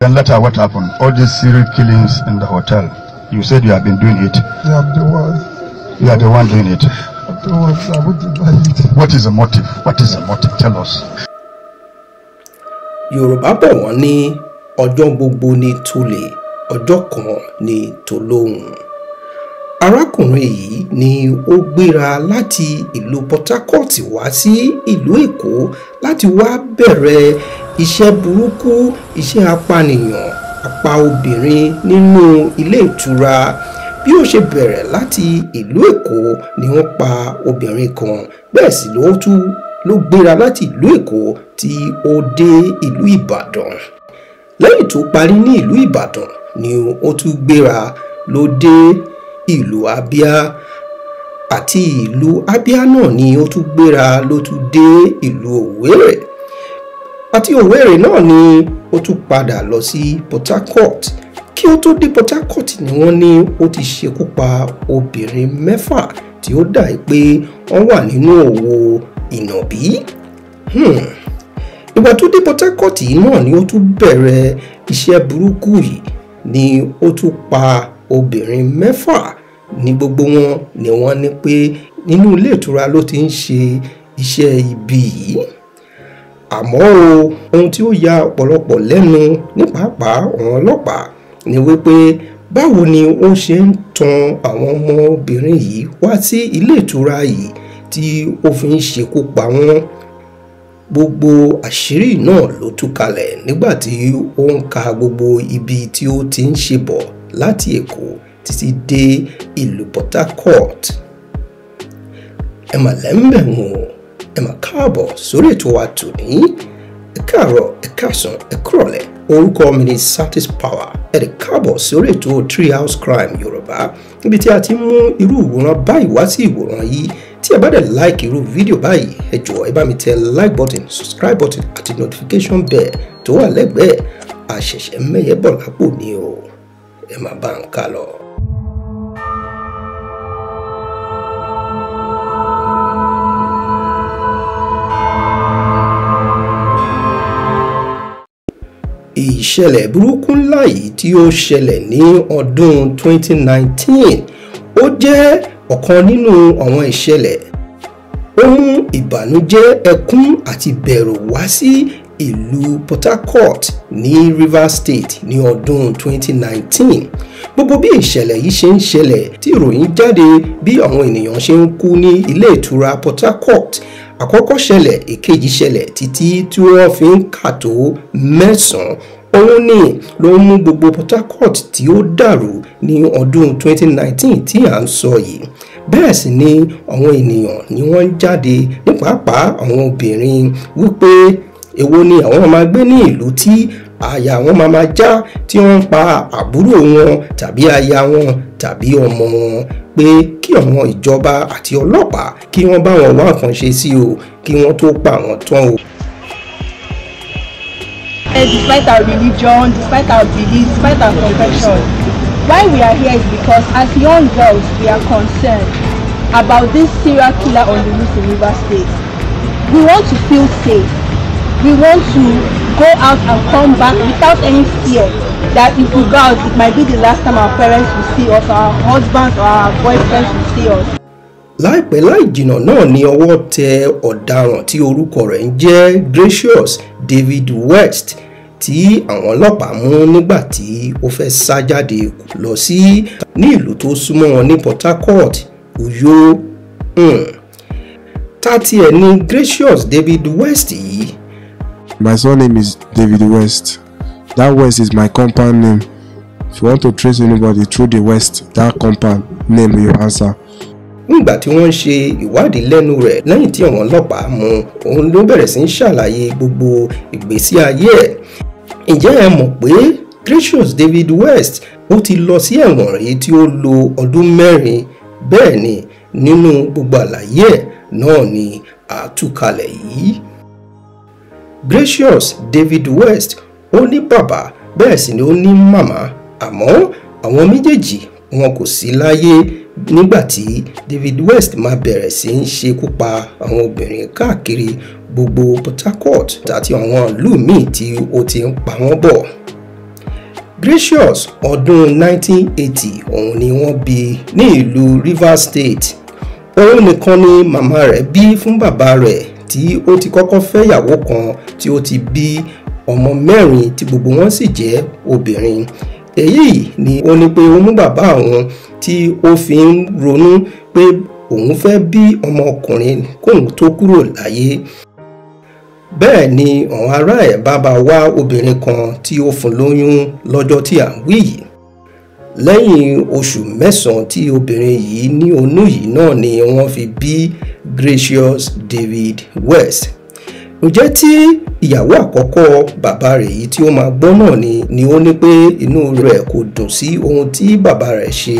Then later, what happened? All these serial killings in the hotel. You said you have been doing it. Yeah, I'm the one. You are the one doing it. I'm the one, sir. What did it? What is the motive? What is the motive? Tell us. Yorùbá bọ̀ wọ́n ní ọjọ́ gbogbo ní tulẹ̀ ọjọ́ ni ní arákùnrin yìí ni ó gbéra láti ìlú Port Harcourt wá sí ìlú Èkó láti wá bẹ̀rẹ̀ iṣẹ́ burúkú iṣẹ́ apànìyàn apa obìnrin nínú ilé ìtura bí ó ṣe bẹ̀rẹ̀ láti ìlú Èkó ni wọ́n pa obìnrin kan bẹ́ẹ̀ sì ló tún ló gbéra láti ìlú Èkó tí ó dé ìlú Ìbàdàn lẹ́yìn tó parí ní ìlú Ìbàdàn ni ó tún gbéra ló dé ìlú Abia àti ìlú Abia náà ni ó tún gbéra ló tún dé ìlú Owerri àti Owerri náà ni ó tún padà lọ sí Port Harcourt kí ó tó dé Port Harcourt ni wọ́n ní ó ti ṣekú pa obìnrin mẹ́fà tí ó dà pé wọ́n wà nínú òwò ìnàbí. Hmm. ìgbà tó dé Port Harcourt náà ni ó tún bẹ̀rẹ̀ iṣẹ́ burúkú yìí ni ó tún pa obìnrin mẹ́fà ní gbogbo wọn ni wọ́n ní pé nínú ilé ìtura ló ti ń ṣe iṣẹ́ ibi yìí àmọ́ o ohun tí ó ya ọ̀pọ̀lọpọ̀ lẹ́nu ní pàápàá ọlọ́pàá ni wípé báwo ni ó ṣe ń tan àwọn ọmọbìnrin yìí wá sí ilé ìtura yìí tí ó fi ń ṣekú pa wọ́n gbogbo àṣírí náà ló tú nígbà tí ó ń ka gbogbo ibi tí ó ti ń ṣe bọ̀ láti Èkó títí dé ìlú Port Harcourt ẹ mà lẹ́ńbẹ̀ wọn ẹ mà káàbọ̀ sórí ètò wa tòní ẹ káàárọ̀ ẹ káàsán ẹ orúkọ mi ni Satis Power ẹ lè káàbọ̀ sórí ètò Three House Crime Yorùbá níbi tí a ti mú irú ìwòran báyìí wá sí ìwòran yìí tí ẹ bá dẹ̀ like irú fídíò báyìí ẹ jọ̀ọ́ ẹ bá mi tẹ like button subscribe button àti notification bell tó wà lẹ́gbẹ̀ẹ́ àṣẹ̀ṣẹ̀ mẹ́yẹ bọ̀ lápò ni o ẹ máa bá ń kà lọ. burúkú ńlá yìí tí ó ṣẹlẹ̀ ní ọdún 2019 ó jẹ́ ọ̀kan nínú àwọn ìṣẹ̀lẹ̀ ó mú ìbànújẹ́ ẹkún àti bẹ̀rù wá sí ìlú Port Harcourt ní Rivers State ní ọdún 2019 gbogbo bí ìṣẹ̀lẹ̀ yìí ṣe ń ṣẹlẹ̀ tí ìròyìn jáde bí àwọn ènìyàn ṣe ń kú ní ilé ìtura Port Harcourt àkọ́kọ́ ṣẹlẹ̀ èkejì ṣẹlẹ̀ títí tí wọ́n fi ń kà tó mẹ́sàn-án òun ni ló mú gbogbo Port Harcourt tí ó dàrú ní ọdún 2019 tí à ń sọ yìí bẹ́ẹ̀ sì ni àwọn ènìyàn ni wọ́n ń jáde ní pàápàá àwọn obìnrin wípé èwo ni àwọn máa gbé ní ìlú tí àyà àwọn máa máa já tí wọ́n ń pa àbúrò wọn tàbí aya wọn tàbí ọmọ wọn pé kí àwọn ìjọba àti ọlọ́pàá kí wọ́n bá wọn wá nǹkan ṣe sí o kí wọ́n tó pa àwọn tán o. Eh, despite our religion, despite our beliefs, despite our confession, why we are here is because as young girls we are concerned about this serial killer on the loose in Rivers State. We want to feel safe we want to go out and come back without any fear that if we go out it might be the last time our parents will see us or our husbands or our boyfriends will see us. láìpẹ́ láì jìnnà náà ni ọwọ́ tẹ ọ̀daràn tí orúkọ rẹ̀ ń jẹ́ Gracious David West tí àwọn ọlọ́pàá mú nígbà tí ó fẹ́ sá jáde lọ sí ní ìlú tó súnmọ́ wọn ní Port Harcourt Uyo. Hmm. tá tiẹ̀ ni Gracious David West yìí My surname is David West. That West is my compound name. If you want to trace anybody through the West, that compound name you answer. nígbà tí wọ́n ń ṣe ìwádìí lẹ́nu rẹ̀ lẹ́yìn tí àwọn ọlọ́pàá mú òun ló bẹ̀rẹ̀ sí ń ṣàlàyé gbogbo ìgbésí ayé ẹ̀. ǹjẹ́ ẹ mọ̀ pé Gracious David West ó ti lọ sí ẹ̀wọ̀n rí tí ó lo ọdún mẹ́rin bẹ́ẹ̀ ni nínú gbogbo àlàyé ẹ̀ náà ni àtúkalẹ̀ yìí. Gracious David West ó ní bàbá bẹ́ẹ̀ sì ni ó ní màmá àmọ́ àwọn méjèèjì wọn kò sí láyé nígbà tí David West máa bẹ̀rẹ̀ sí ń ṣekú pa àwọn obìnrin káàkiri gbogbo Port Harcourt àti àwọn ìlú míì tí ó ti ń pa wọ́n bọ̀. Gracious ọdún 1980 òun ni wọ́n bí ní ìlú Rivers State òun nìkan ni màmá rẹ̀ bí fún bàbá rẹ̀ tí ó ti kọ́kọ́ fẹ́ ìyàwó kan tí ó ti bí ọmọ mẹ́rin tí gbogbo wọn sì jẹ́ obìnrin èyí ni ó ní pé ó mú bàbá àwọn tí ó fi ń ronú pé òun fẹ́ bí ọmọ ọkùnrin kóun tó kúrò láyé bẹ́ẹ̀ ni ọ̀hún ará ẹ̀ bá bá wá obìnrin kan tí ó fún lóyún lọ́jọ́ tí à ń wí yìí lẹ́yìn oṣù mẹ́sàn-án tí obìnrin yìí ní oyún yìí náà ni wọ́n fi bí Gracious David West ǹjẹ́ tí ìyàwó àkọ́kọ́ bàbá rẹ̀ yìí tí ó máa gbọ́ náà ni ni ó ní pé inú rẹ̀ kò dùn sí ohun tí bàbá rẹ̀ ṣe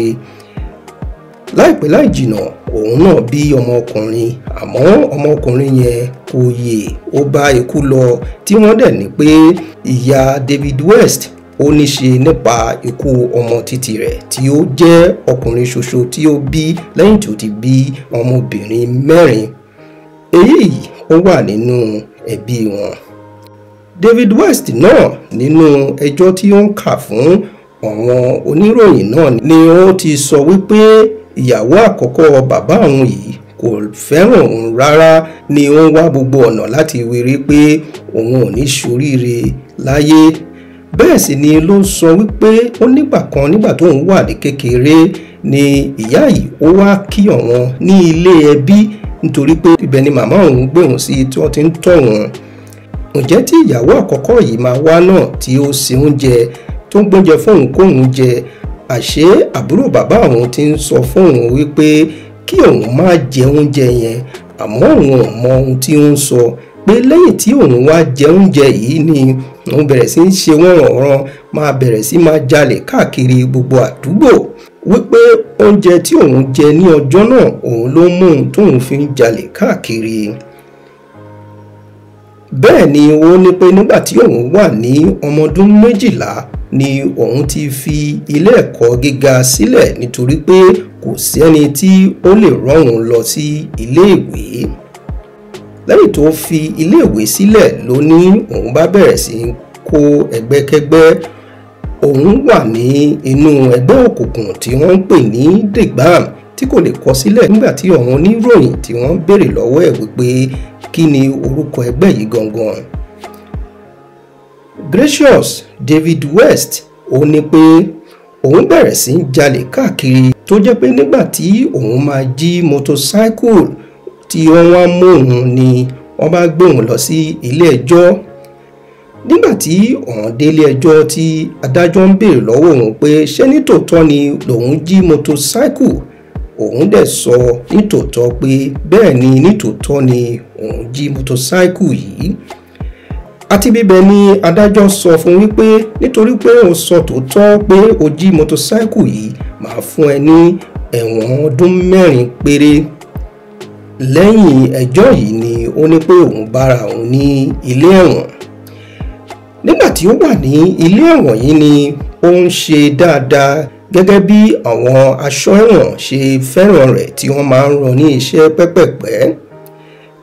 láìpẹ́ láì jìnnà òun náà bí ọmọkùnrin àmọ́ ọmọkùnrin yẹn kò yè ó bá ikú lọ tí wọ́n dẹ̀ ní pé ìyá David West ó ní ṣe nípa ikú ọmọ títí rẹ̀ tí ó jẹ́ ọkùnrin ṣoṣo tí ó bí lẹ́yìn tí ó ti bí ọmọbìnrin mẹ́rin èyí ó wà nínú ẹ̀bi wọn. David West náà nínú ẹjọ́ tí ó ń kà fún àwọn oníròyìn náà ni ó ti sọ wípé ìyàwó àkọ́kọ́ bàbá òun yìí kò fẹ́ràn òun rárá ni ó ń wá gbogbo ọ̀nà láti wéré pé òun ò ní ṣoríire láyé bẹ́ẹ̀ sì ni ló ń sọ wípé ó nígbà kan nígbà tó ń wà ní kékeré ni ìyá yìí ó wá kí ọ̀wọ́n ní ilé ẹbí nítorí pé ibẹ̀ ni màmá òun gbé òun sí tí wọ́n ti ń tọ̀ wọ́n ǹjẹ́ tí ìyàwó àkọ́kọ́ yìí máa wá náà tí ó ṣe oúnjẹ tó ń gbóúnjẹ fóun kóun jẹ àṣé àbúrò bàbá òun ti ń sọ fóun wípé kí òun má jẹ oúnjẹ yẹn àmọ́ òun ò mọ ohun tí ó ń sọ so pé lẹ́yìn tí òun wá jẹ oúnjẹ yìí ni òun bẹ̀rẹ̀ sí í ṣe wọ́n rànran máa bẹ̀rẹ̀ sí máa jalè káàkiri gbogbo àdúgbò wípé oúnjẹ tí òun jẹ ní ọjọ́ náà òun ló mú un tóun fi ń jalè káàkiri bẹ́ẹ̀ ni ó ní pé nígbà tí òun wà ní ọmọdún méjìlá ni òun ti fi ilé ẹ̀kọ́ gíga sílẹ̀ nítorí pé kò sẹ́ni tí ó lè rán òun lọ sí ilé ìwé lẹ́yìn tó fi iléèwé sílẹ̀ ló ní òun bá bẹ̀rẹ̀ sí í kó ẹgbẹ́kẹ́gbẹ́ òun wà ní inú ẹgbẹ́ òkùnkùn tí wọ́n ń pè ní Digbam tí kò lè kọ sílẹ̀ nígbà tí àwọn oníròyìn tí wọ́n béèrè lọ́wọ́ ẹ̀ wípé kí ni orúkọ ẹgbẹ́ yìí gangan. Gracious David West ó ní pé òun bẹ̀rẹ̀ sí í jalè káàkiri tó jẹ́ pé nígbà tí òun máa jí motorcycle tí wọ́n wá mú òun ni wọ́n bá gbé òun lọ sí ilé ẹjọ́ nígbà tí òun délé ẹjọ́ tí adájọ́ ń béèrè lọ́wọ́ òun pé ṣé nítòótọ́ ni lòun jí motorcycle òun dẹ̀ sọ nítòótọ́ pé bẹ́ẹ̀ ni nítòótọ́ ni òun jí motorcycle yìí àti bíbẹ ni adájọ́ sọ fún wípé nítorí pé ó sọ tòótọ́ pé ó jí motorcycle yìí màá fún ẹ ní ẹ̀wọ̀n ọdún mẹ́rin péré lẹ́yìn ẹjọ́ yìí ni ó ní pé òun bára òun ní ilé ẹ̀wọ̀n nígbà tí ó wà ní ilé ẹ̀wọ̀n yìí ni ó ń ṣe dáadáa gẹ́gẹ́ bí àwọn aṣọ́ ẹ̀wọ̀n ṣe fẹ́ràn rẹ̀ tí wọ́n máa ń rán ní iṣẹ́ pẹ́pẹ̀pẹ́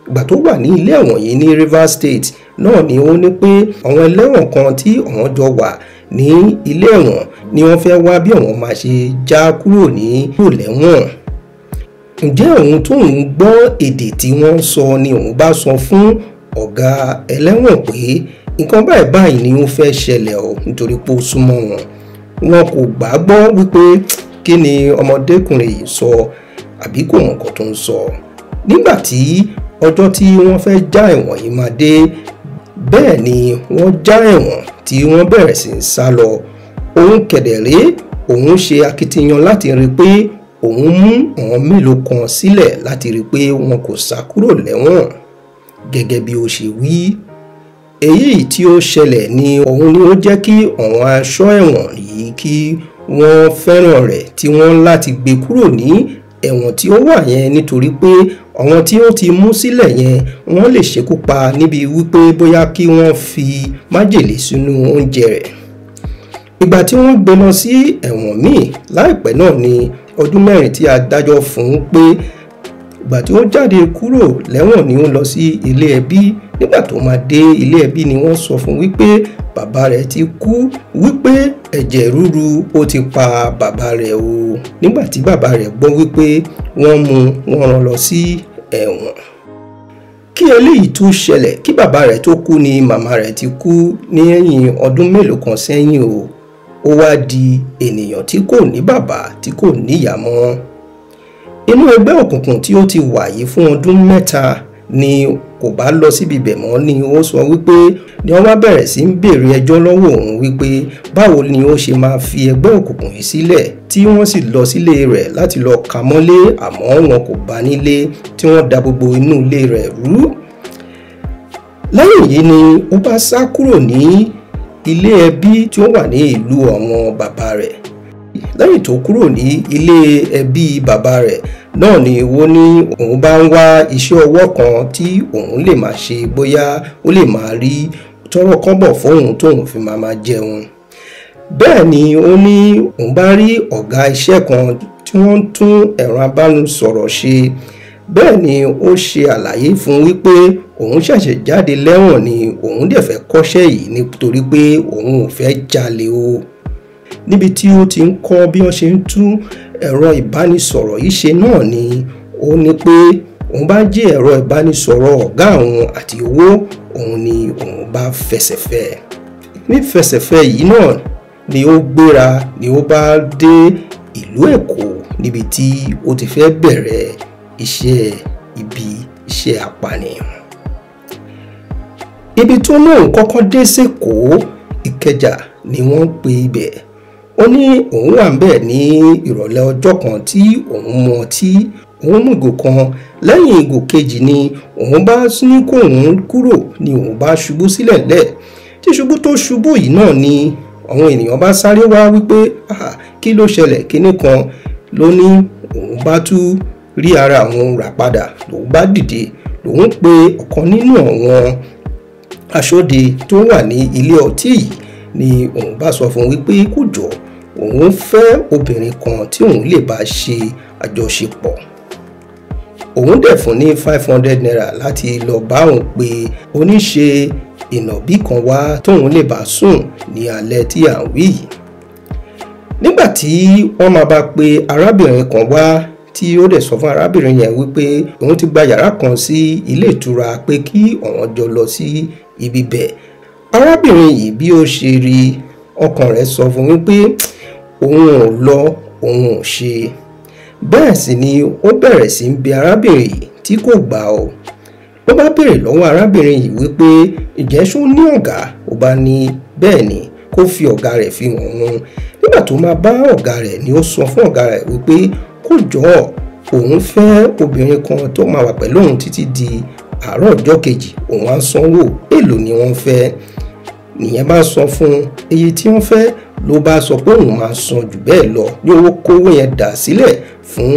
ìgbà tó wà ní ilé ẹ̀wọ̀n yìí ní Rivers State náà ni ó ní pé àwọn ẹlẹ́wọ̀n kan tí àwọn jọ wà ní ilé ẹ̀wọ̀n ni wọ́n fẹ́ wá bí àwọn máa ṣe já kúrò ní kúrò ǹjẹ́ òun tó ń gbọ́ èdè tí wọ́n sọ ni òun bá sọ fún ọ̀gá ẹlẹ́wọ̀n pé nǹkan báyìí báyìí ni ó fẹ́ ṣẹlẹ̀ o nítorí pé ó súnmọ́ wọn wọn kò gbàgbọ́ wípé kí ni ọmọdékùnrin yìí sọ àbí kò mọ̀ nǹkan tó ń sọ nígbà tí ọjọ́ tí wọ́n fẹ́ já ẹ̀wọ̀n yìí máa dé bẹ́ẹ̀ ni wọ́n já ẹ̀wọ̀n tí wọ́n bẹ̀rẹ̀ sí í sá lọ òun kẹ̀dẹ̀ rèé òun ṣe akitiyan láti rí i pé òun mú àwọn mélòó kan sílẹ̀ láti rí i pé wọn kò sá kúrò lẹ́wọ̀n gẹ́gẹ́ bí ó ṣe wí èyí tí ó ṣẹlẹ̀ ni òun ni ó jẹ́ kí àwọn aṣọ́ ẹ̀wọ̀n yìí kí wọ́n fẹ́ràn rẹ̀ tí wọ́n láti gbé kúrò ní ẹ̀wọ̀n tí ó wà yẹn nítorí pé àwọn tí ó ti mú sílẹ̀ yẹn wọ́n lè ṣekú pa níbi wípé bóyá kí wọ́n fi májèlé sínú oúnjẹ rẹ̀ ìgbà tí wọ́n gbé lọ sí ẹ̀wọ̀n míì láìpẹ́ náà ni ọdún mẹ́rin tí a dájọ́ fún un pé ìgbà tí ó jáde kúrò lẹ́wọ̀n ni ó lọ sí ilé ẹbí nígbà tó máa dé ilé ẹbí ni wọ́n sọ fún wípé bàbá rẹ̀ ti kú wípé ẹ̀jẹ̀ ríru ó ti pa bàbá rẹ̀ o nígbà tí bàbá rẹ̀ gbọ́ wípé wọ́n mú wọn rán lọ sí ẹ̀wọ̀n kí eléyìí tó ṣẹlẹ̀ kí bàbá rẹ̀ tó kú ni màmá rẹ̀ ti kú ní ẹ̀yìn ọdún mélòó kan sẹ́yìn o ó wá di ènìyàn tí kò ní bàbá tí kò níyà mọ́ inú ẹgbẹ́ òkùnkùn tí ó ti wà fún ọdún mẹ́ta ni kò bá lọ síbi ibẹ̀ mọ́ ni ó sọ wípé ni wọ́n bá bẹ̀rẹ̀ sí ń béèrè ẹjọ́ lọ́wọ́ òun wípé báwo ni ó ṣe máa fi ẹgbẹ́ òkùnkùn yìí sílẹ̀ tí wọ́n sì lọ sílé rẹ̀ láti lọ kà mọ́lé àmọ́ wọn kò bá nílé tí wọ́n da gbogbo inú ilé rẹ̀ rú. lẹ́yìn yìí ni ó bá sá kúrò ní ilé ẹbí tí ó wà ní ìlú àwọn bàbá rẹ̀ lẹ́yìn tó kúrò ní ilé ẹbí bàbá rẹ̀ náà ni wọ́n ní òun bá ń wá iṣẹ́ ọwọ́ kan tí òun lè máa ṣe bóyá ó lè máa rí tọ́rọ̀ kọ́bọ̀ fóun tóun fi máa máa jẹun bẹ́ẹ̀ ni ó ní òun bá rí ọ̀gá iṣẹ́ kan tí wọ́n ń tún ẹ̀rọ abánisọ̀rọ̀ ṣe bẹ́ẹ̀ ni ó ṣe àlàyé fún wípé òun ṣẹ̀ṣẹ̀ jáde lẹ́wọ̀n ni òun dẹ̀ fẹ́ kọ́ṣẹ́ yìí nítorí pé òun ò fẹ́ jalè o níbi tí ó ti ń kọ́ bí wọ́n ṣe ń tú ẹ̀rọ ìbánisọ̀rọ̀ yìí ṣe náà ni ó ní pé òun bá jí ẹ̀rọ ìbánisọ̀rọ̀ ọ̀gá òun àti owó òun ni òun bá fẹsẹ̀fẹ́ ní fẹsẹ̀fẹ́ yìí náà ni ó gbéra ni ó bá dé ìlú Èkó níbi tí ó ti fẹ́ bẹ̀rẹ̀ iṣẹ́ ibi iṣẹ́ apànìyàn. ibi tó lóun kọ́kọ́ dé sẹ́kọ̀ọ́ ìkẹjà ni wọ́n ń pe ibẹ̀ ó ní òun wà ń bẹ̀ ní ìrọ̀lẹ́ ọjọ́ kan tí òun mu ọtí òun mú ìgò kan lẹ́yìn ìgò kejì ni òun bá ní kóun kúrò ni òun bá ṣubú sílẹ̀ lẹ̀ tí ṣubú tó ṣubú yìí náà ni àwọn ènìyàn bá sáré wá wípé kí ló ṣẹlẹ̀ kíní kan ló ní òun bá tú rí ara àwọn rà padà lòun bá dìde lòun pe ọ̀kan nínú àwọn aṣọ́de tó wà ní ilé ọtí yìí ni òun bá sọ fún wípé kò jọ òun fẹ́ obìnrin kan tí òun lè bá ṣe àjọṣepọ̀ òun dẹ̀ fún ní five hundred naira láti lọ bá òun pé oníṣe ìnàbí kan wá tóun lè bá sùn ní alẹ́ tí à ń wí yìí nígbà tí wọ́n máa bá pe arábìnrin kan wá tí ó dẹ̀ sọ fún arábìnrin yẹn wípé òun ti gba yàrá kan sí ilé ìtura pé kí àwọn jọ lọ sí ibi bẹ̀. arábìnrin yìí bí ó ṣe rí ọkàn rẹ̀ sọ fún wípé òun ò lọ òun ò ṣe bẹ́ẹ̀ sì ni ó bẹ̀rẹ̀ sí ń bi arábìnrin yìí tí kò gbà ọ́ ó bá béèrè lọ́wọ́ arábìnrin yìí wípé ìjẹ́ ṣó ní ọ̀gá ó bá ní bẹ́ẹ̀ ni kó fi ọ̀gá rẹ̀ fi hàn wọn nígbà tó máa bá ọ̀gá rẹ̀ ni ó sọ fún ọ̀gá rẹ̀ wípé kójọ́ òun fẹ́ obìnrin kan tó máa wà pẹ̀lú òun títí di àárọ̀ ọjọ́ kejì òun á sanwó èèlò ni wọ́n fẹ́ nìyẹn bá sọ fún èyí tí wọ́n fẹ́ ló bá sọ pé òun máa san jù bẹ́ẹ̀ lọ ní owó kówó yẹn dà sílẹ̀ fún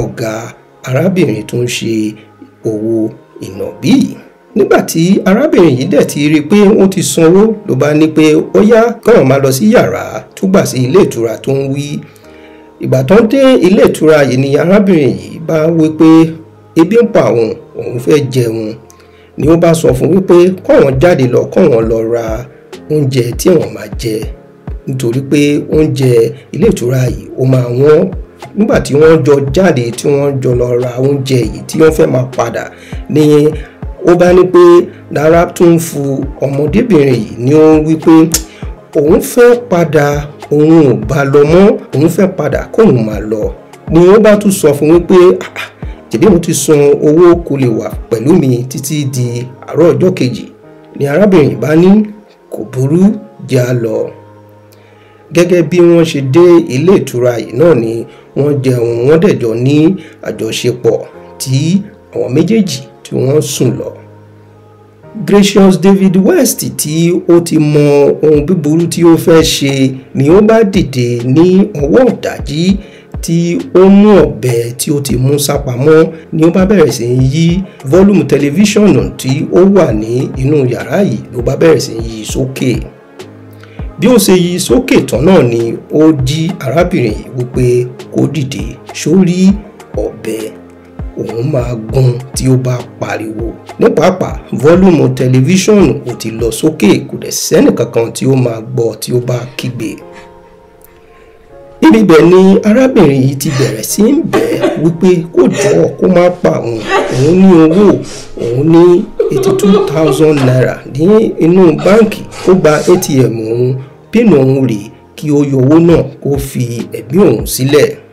ọ̀gá arábìnrin tó ń ṣe owó ìnàbí nígbà tí arábìnrin yìí dẹ̀ ti rí i pé ó ti sanwó ló bá ní pé ó yá kọ́yàn lọ sí yàrá tó sí ilé ìtura tó ń wí ìgbà tó ń dé ilé ìtura yìí ni arábìnrin yìí bá wí pé ebi ń pa òun òun fẹ́ jẹun ni ó bá sọ fún wípé kọ́wọn jáde lọ kọ́wọn lọ ra oúnjẹ tí wọ́n máa jẹ nítorí pé oúnjẹ ilé ìtura yìí ó máa wọ́n nígbà tí wọ́n jọ jáde tí wọ́n jọ lọ ra oúnjẹ yìí tí wọ́n fẹ́ máa padà ní ó bá ní pé dára tún fu ọmọdébìnrin yìí ni ó ń wí pé òun fẹ́ padà òun ò bá lọ mọ́ òun fẹ́ padà kóun máa lọ ni ó bá tún sọ fún wípé tèmi mo ti san owó kó lè wà pẹ̀lú mi títí di àárọ̀ ọjọ́ kejì ni arábìnrin bá ní kò burú já lọ gẹ́gẹ́ bí wọ́n ṣe dé ilé ìtura yìí náà ni wọ́n jẹun wọ́n dẹ̀jọ ní àjọṣepọ̀ tí àwọn méjèèjì tí wọ́n sùn lọ. Gracious David West tí ó ti mọ ohun búburú tí ó fẹ́ ṣe ni ó bá dìde ní ọwọ́ ọ̀dájí tí ó mú ọ̀bẹ tí ó ti mú sápamọ́ ni ó bá bẹ̀rẹ̀ sí í yí fọ́lùmù tẹlifíṣọ̀nù tí ó wà ní inú yàrá yìí ló bá bẹ̀rẹ̀ sí í yí sókè bí ó ṣe yí sókè tán náà ni ó jí arábìnrin yìí wípé kó dìde sórí ọ̀bẹ òun máa gun tí ó bá pariwo ní pàápàá fọ́lùmù tẹlifíṣọ̀nù ò ti lọ sókè kò dẹ̀ sẹ́nì kankan tí ó máa gbọ́ tí ó bá kígbe ibi bẹ̀ ni arábìnrin yìí ti bẹ̀rẹ̀ sí ń bẹ̀ wípé kó jọ̀ọ́ kó má pa òun òun ní owó òun ní eighty two thousand naira ní inú báǹkì ó gba atm òun pín òun rèé kí ó yọ owó náà kó fi ẹ̀mí òun sílẹ̀. Si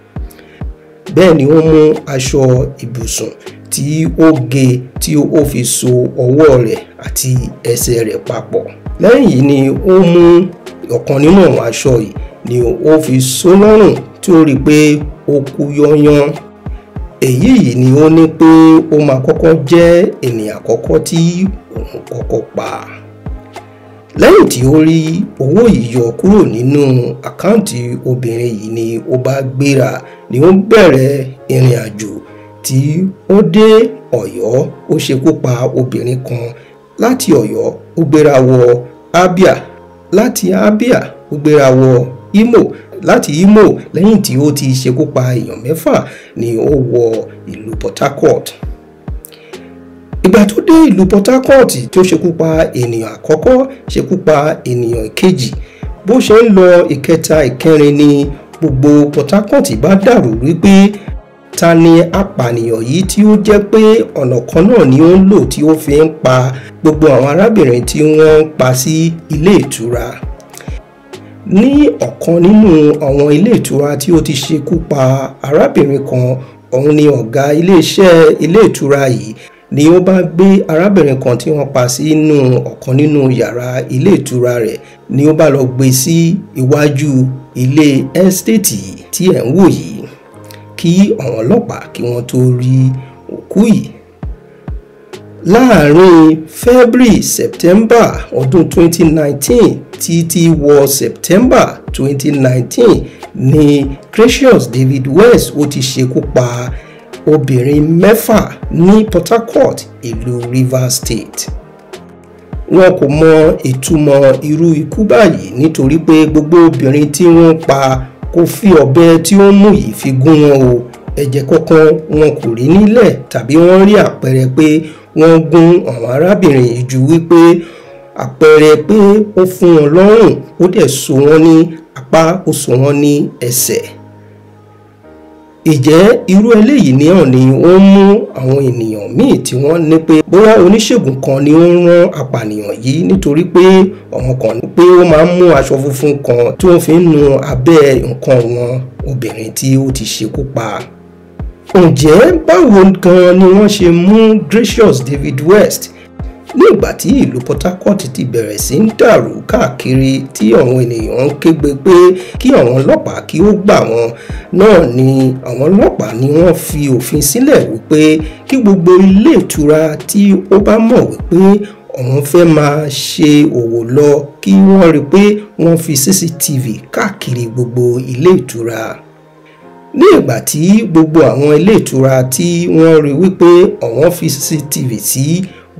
bẹ́ẹ̀ ni ó mú aṣọ ibùsùn tí ó gé tí ó fi so ọwọ́ rẹ̀ àti ẹsẹ̀ rẹ̀ papọ̀ lẹ́yìn yìí ni ó mú ọ̀kan nínú àwọn aṣọ yìí ni ó fi so lọ́rùn tí ó rí i pé ó kú yányán èyí yìí ni ó ní pé ó máa kọ́kọ́ jẹ́ ènìyàn àkọ́kọ́ tí òun kọ́kọ́ pa lẹ́yìn tí ó rí owó yìí yọ kúrò nínú àkáǹtì obìnrin yìí ni ó bá gbéra ni ó bẹ̀rẹ̀ ìrìn àjò tí ó dé Ọ̀yọ́ ó ṣekú pa obìnrin kan láti Ọ̀yọ́ ó gbéra wọ Abia láti Abia ó gbéra wọ Imo láti Imo lẹ́yìn tí ó ti ṣekú pa èèyàn mẹ́fà ni ó wọ ìlú Port Harcourt ìgbà tó dé ìlú Port Harcourt tí ó ṣekú pa ènìyàn àkọ́kọ́ ṣekú pa ènìyàn kejì bó ṣe ń lọ ìkẹta ìkẹrin ni gbogbo Port Harcourt bá dàrú wípé ta ni apànìyàn yìí tí ó jẹ́ pé ọ̀nà kan náà ni ó ń lò tí ó fi ń pa gbogbo àwọn arábìnrin tí wọ́n ń pa sí ilé ìtura ní ọ̀kan nínú àwọn ilé ìtura tí ó ti ṣekú pa arábìnrin kan òun ni ọ̀gá iléeṣẹ́ ilé ìtura yìí ni ó bá gbé arábìnrin kan tí wọ́n pa sínú ọ̀kan nínú yàrá ilé ìtura rẹ̀ ni ó bá lọ gbé sí iwájú ilé ẹ́stéètì tí ẹ̀ ń wò yìí kí àwọn ọlọ́pàá kí wọ́n tó rí òkú yìí láàárín february september ọdún 2019 títí wọ september 2019 ni Gracious David West ó ti ṣekú pa obìnrin mẹ́fà ní Port Harcourt ìlú Rivers State wọn kò mọ ìtumọ̀ irú ikú báyìí nítorí pé gbogbo obìnrin tí wọ́n pa kò fi ọ̀bẹ tí ó mú yìí fi gún wọn o ẹ̀jẹ̀ kankan wọn kò rí nílẹ̀ tàbí wọ́n rí àpẹẹrẹ pé wọ́n gún àwọn arábìnrin yìí ju wípé àpẹẹrẹ pé ó fún wọn lọ́rùn ó dẹ̀ so wọ́n ní apá ó so wọ́n ní ẹsẹ̀ ìjẹ́ irú eléyìí náà ni ó ń mú àwọn ènìyàn míì tí wọ́n ní pé bóyá oníṣègùn kan ni ó ń rán apànìyàn yìí nítorí pé ọ̀hún kan pé ó máa ń mú aṣọ funfun kan tí wọ́n fi ń nu abẹ́ nǹkan wọn obìnrin tí ó ti ṣekú pa. ǹjẹ́ báwo gan-an ni wọ́n ṣe mú Gracious David West ní ìgbà tí ìlú Port Harcourt ti bẹ̀rẹ̀ sí ń dàrú káàkiri tí àwọn ènìyàn ń kégbe pé kí àwọn ọlọ́pàá kí ó gbà wọn náà ni àwọn ọlọ́pàá ni wọ́n fi òfin sílẹ̀ wípé kí gbogbo ilé ìtura tí ó bá mọ̀ wípé àwọn fẹ́ máa ṣe òwò lọ kí wọ́n rí i pé wọ́n fi CCTV káàkiri gbogbo ilé ìtura ní ìgbà tí gbogbo àwọn ilé ìtura tí wọ́n rí wípé àwọn fi CCTV sí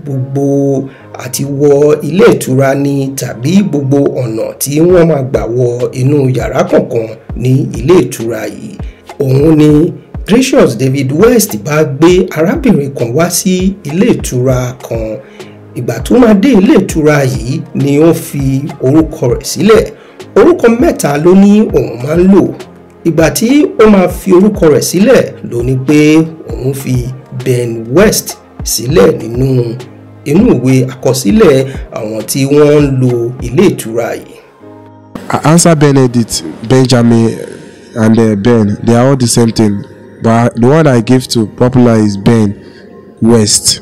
gbogbo àti wọ ilé ìtura ni tàbí gbogbo ọ̀nà tí wọ́n máa gbà wọ inú yàrá kọ̀ọ̀kan ní ilé ìtura yìí òun ni Gracious David West bá gbé arábìnrin kan wá sí ilé ìtura kan ìgbà tó máa dé ilé ìtura yìí ni ó fi orúkọ rẹ̀ sílẹ̀ orúkọ mẹ́ta ló ní òun máa ń lò ìgbà tí ó máa fi orúkọ rẹ̀ sílẹ̀ ló ní pé òun fi Ben West sílẹ̀ nínú inú ìwé àkọsílẹ̀ àwọn tí wọ́n ń lo ilé ìtura yìí. Answer Benedict, Benjamin and uh, Ben they are all the same thing but the one I give to popular is Ben West.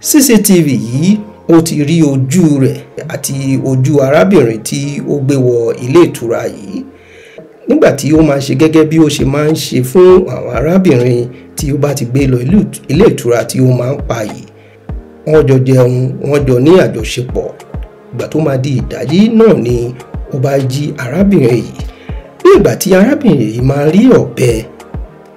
CCTV yìí ó ti rí ojú rẹ̀ àti ojú arábìnrin tí ó gbé wọ ilé ìtura yìí nígbà tí ó máa ṣe gẹ́gẹ́ bí ó ṣe máa ń ṣe fún àwọn arábìnrin tí ó bá ti gbé lọ ilé ìtura tí ó máa ń pa yìí wọ́n jọ jẹun wọ́n jọ ní àjọṣepọ̀ ìgbà tó máa di ìdájí náà ni ó bá jí arábìnrin yìí ní ìgbà tí arábìnrin yìí máa rí ọ̀bẹ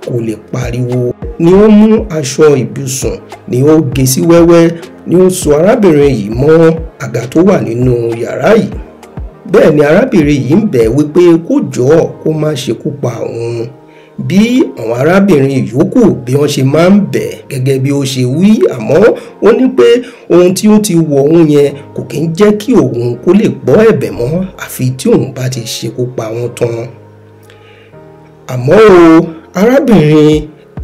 kò lè pariwo ni ó mú aṣọ ìbùsùn ni ó gé sí wẹ́wẹ́ ni ó so arábìnrin yìí mọ́ àga tó wà nínú yàrá yìí bẹ́ẹ̀ ni arábìnrin yìí ń bẹ̀ wípé kó jọ̀ọ́ kó má ṣekú pa òun bí àwọn arábìnrin yòókù bí wọ́n ṣe máa ń bẹ̀ gẹ́gẹ́ bí ó ṣe wí àmọ́ ó ní pé ohun tí ó ti wọ òun yẹn kò kí ń jẹ́ kí òun kó lè gbọ́ ẹ̀bẹ̀ mọ́ àfi tí òun bá ti ṣekú pa wọn tán àmọ́ o arábìnrin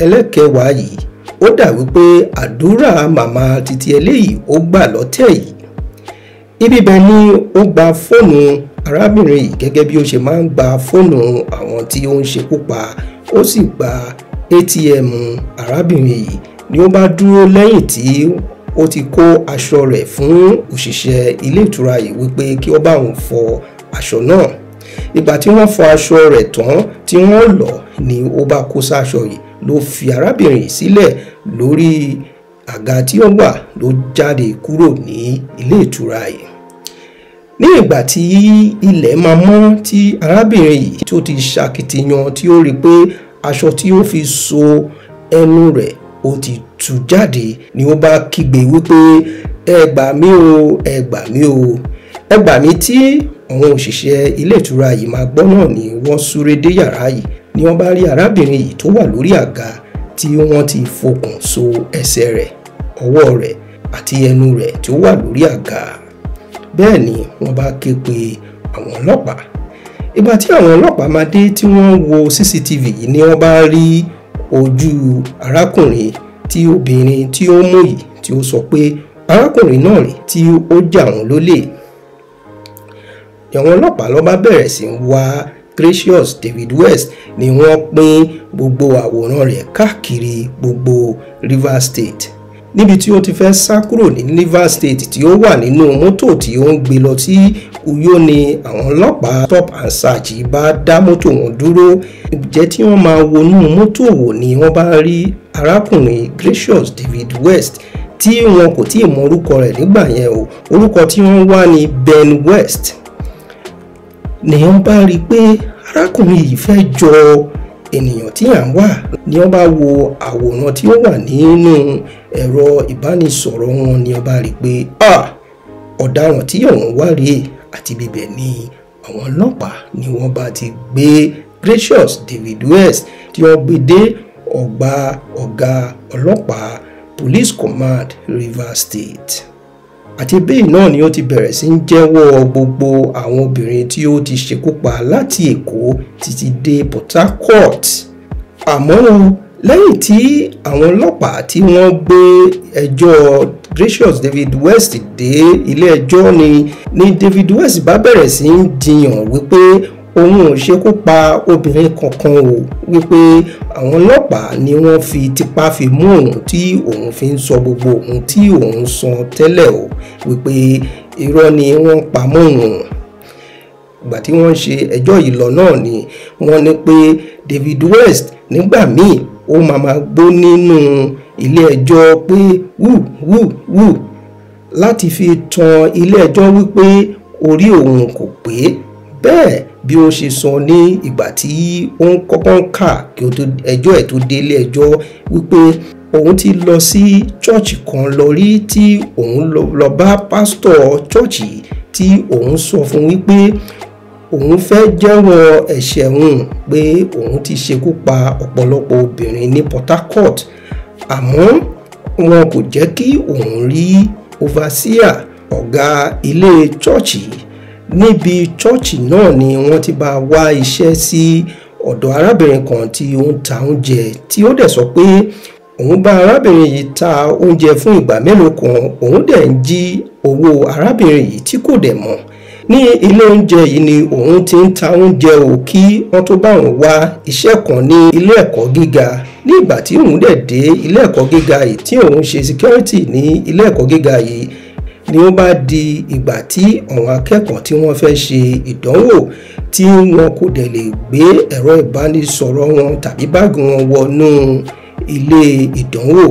ẹlẹ́kẹwàá yìí ó dà wípé àdúrà màmá títí eléyìí ó gbà lọ́tẹ̀ yìí ibi bẹ́ẹ̀ ni ó gba fóònù arábìnrin yìí gẹ́gẹ́ bí ó ṣe máa ń gba fóònù àwọn tí ó ń ṣekú pa ó sì gba atm arábìnrin yìí ni ó bá dúró lẹ́yìn tí ó ti kó aṣọ rẹ̀ fún òṣìṣẹ́ ilé ìtura yìí wípé kí ó bá òun fọ aṣọ náà ìgbà tí wọ́n fọ aṣọ rẹ̀ tán tí wọ́n lọ ni ó bá kó sáṣọ yìí ló fi arábìnrin yìí sílẹ̀ lórí àga tí ó wà ló jáde kúrò ní ilé ìtura yìí ní ìgbà tí ilẹ̀ máa mọ́ tí arábìnrin yìí tó ti ṣàkìtìyàn tí ó rí i pé aṣọ tí ó fi so ẹnu rẹ̀ ó ti tú jáde ni ó bá kígbe wípé ẹ gbà mí o ẹ gbà mí o ẹ gbà mí tí àwọn òṣìṣẹ́ ilé ìtura yìí máa gbọ́ náà ni wọ́n súré dé yàrá yìí ni wọ́n bá rí arábìnrin yìí tó wà lórí àga tí wọ́n ti fokùn so ẹsẹ̀ rẹ̀ ọwọ́ rẹ̀ àti ẹnu rẹ̀ tó wà lórí àga bẹ́ẹ̀ ni wọ́n bá ké pe àwọn ọlọ́pàá ìgbà tí àwọn ọlọ́pàá máa dé tí wọ́n wo cctv ni wọ́n bá rí ojú arákùnrin tí obìnrin tí ó mú yìí tí ó sọ pé arákùnrin náà rè tí ó jà wọ́n lólè àwọn ọlọ́pàá ló bẹ̀rẹ̀ sí ń wá Gracious David West ni wọ́n pín gbogbo àwòrán rẹ̀ káàkiri gbogbo Rivers State níbi tí ó ti fẹ́ sá kúrò ní Rivers State tí ó wà nínú mọ́tò tí ó ń gbé lọ sí Uyo ni àwọn ọlọ́pàá stop and search bá dá mọ́tò wọn dúró jẹ́ tí wọ́n máa wọnú mọ́tò wò ni wọ́n bá rí arákùnrin Gracious David West tí wọn kò tí ì mọ orúkọ rẹ̀ nígbà yẹn o orúkọ tí wọ́n wá ni Ben West nìyẹn bá rí i pé arákùnrin yìí fẹ́ jọ ọ́ ènìyàn tí à ń wà ni wọ́n bá wo àwòrán tí ó wà nínú ẹ̀rọ ìbánisọ̀rọ̀ wọn ni wọ́n bá rí i pé ọ̀daràn tí ọ̀hún wá rèé àti bíbẹ̀ ni àwọn ọlọ́pàá ni wọ́n bá ti gbé Precious David West tí wọ́n gbé dé ọgbà ọ̀gá ọlọ́pàá Police Command River State àti bẹ́ẹ̀ náà ni ó ti bẹ̀rẹ̀ sí ń jẹ́wọ́ gbogbo àwọn obìnrin tí ó ti ṣekúpa láti èkó títí dé Port Harcourt àmọ́ lẹ́yìn tí àwọn ọlọ́pàá tí wọ́n gbé ẹjọ́ Gracious David West dé ilé ẹjọ́ ni ni David West bá bẹ̀rẹ̀ sí ń jiyàn wípé òun ò ṣekú pa obìnrin kankan o wípé àwọn ọlọ́pàá ni wọ́n fi tipá fi mú òun tí òun fi ń sọ gbogbo òun tí òun san tẹ́lẹ̀ o wípé irọ́ ni wọ́n pa mọ́ òun ìgbà tí wọ́n ń ṣe ẹjọ́ yìí lọ náà ni wọ́n ní pé David West nígbà míì ó máa ma gbó nínú ilé ẹjọ́ pé wù wù wù láti fi tan ilé ẹjọ́ wípé orí òun kò pé bẹ́ẹ̀ bí ó ṣe sọ ní ìgbà tí ó ń kọ́kọ́ ń kà kí ẹjọ́ ẹ̀ tó délé ẹjọ́ wípé òun ti lọ sí chọ́ọ̀chì kan lọ rí tí òun lọ bá pásítọ̀ chọ́ọ̀chì tí òun sọ fún wípé òun fẹ́ jẹ́wọ́ ẹ̀ṣẹ̀ òun pé òun ti ṣekú pa ọ̀pọ̀lọpọ̀ obìnrin ní Port Harcourt àmọ́ wọn kò jẹ́ kí òun rí overseer ọ̀gá ilé chọ́ọ̀chì yìí níbi chọ́ọ̀chì náà ni wọ́n ti bá wá iṣẹ́ sí ọ̀dọ̀ arábìnrin kan tí ó ń ta oúnjẹ tí ó dẹ̀ sọ pé òun bá arábìnrin yìí ta oúnjẹ fún ìgbà mélòó kan òun dẹ̀ ń jí owó arábìnrin yìí tí kò dẹ̀ mọ̀ ní ilé oúnjẹ yìí ni òun ti ń ta oúnjẹ o kí wọ́n tó bá òun wá iṣẹ́ kan ní ilé ẹ̀kọ́ gíga ní ìgbà tí òun dẹ̀ dé ilé ẹ̀kọ́ gíga yìí tí òun ṣe security ní ilé ẹ̀kọ́ gíga yìí ni ó bá di ìgbà tí àwọn akẹ́kọ̀ọ́ tí wọ́n fẹ́ ṣe ìdánwò tí wọn kò dẹ̀ lè gbé ẹ̀rọ ìbánisọ̀rọ̀ wọn tàbí báàgì wọn wọnú ilé ìdánwò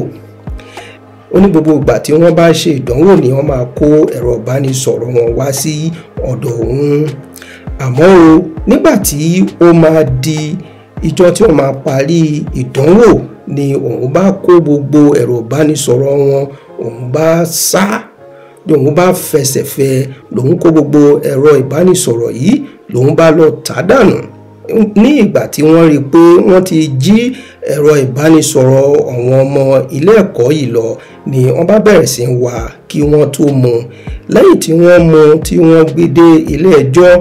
ó ní gbogbo ìgbà tí wọ́n bá ṣe ìdánwò ni wọ́n máa kó ẹ̀rọ ìbánisọ̀rọ̀ wọn wá sí ọ̀dọ̀ òun àmọ́ o nígbà tí ó máa di ìjọ tí wọ́n máa parí ìdánwò ni òun bá kó gbogbo ẹ̀rọ ìbánisọ̀rọ̀ wọn òun bá sá lòun bá fẹsẹ̀ fẹ lòun kó gbogbo ẹ̀rọ ìbánisọ̀rọ̀ yìí lòun bá lọ tà dànù ní ìgbà tí wọ́n rí i pé wọ́n ti jí ẹ̀rọ ìbánisọ̀rọ̀ àwọn ọmọ ilé ẹ̀kọ́ yìí lọ ni wọ́n bá bẹ̀rẹ̀ sí í wá kí wọ́n tó mú un lẹ́yìn tí wọ́n mú tí wọ́n gbé dé ilé ẹjọ́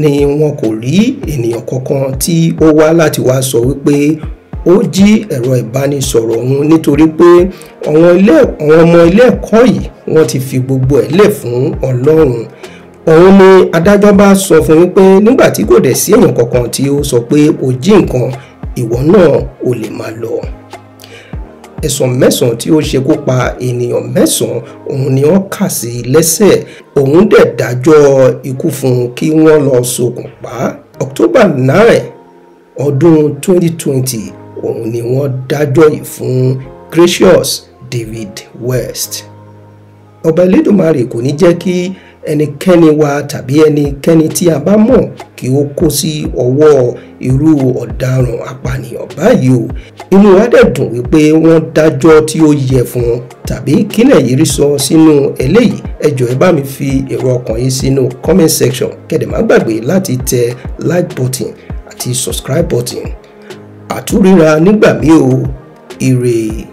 ni wọn kò rí ènìyàn kankan tí ó wá láti wá sọ wípé ó jí ẹ̀rọ ìbánisọ̀rọ̀ òun nítorí pé àwọn ọmọ ilé ẹ̀kọ́ yìí wọ́n ti fi gbogbo ẹ̀ lẹ̀ fún ọlọ́run òun ni adájọ́ bá sọ fún wípé nígbà tí kò dẹ̀ sí èèyàn kankan tí ó sọ pé ó jí nǹkan ìwọ náà ò lè máa lọ ẹ̀sùn mẹ́sàn-án tí ó ṣekú pa ènìyàn mẹ́sàn-án òun ni wọ́n kà sí lẹ́sẹ̀ òun dẹ̀ dájọ́ ikú fún un kí wọ́n lọ sokùn pa October nine ọdún 2020 òun ni wọ́n dájọ́ yìí fún Gracious David West ọba Elédùmarè kò ní jẹ́ kí ẹnikẹ́ni wa tàbí ẹnikẹ́ni tí a bá mọ̀ kí ó kó sí ọwọ́ irú ọ̀daràn apànìyàn báyìí o inú wa dẹ̀ dùn wípé wọ́n dájọ́ tí ó yẹ fún un tàbí kí nàìjírí sọ sínú eléyìí ẹ ẹ bá mi fi èrò ọkàn yín sínú comment section kẹ̀dẹ̀ má gbàgbé láti tẹ like button àti subscribe button àtúríra nígbà míì o ire.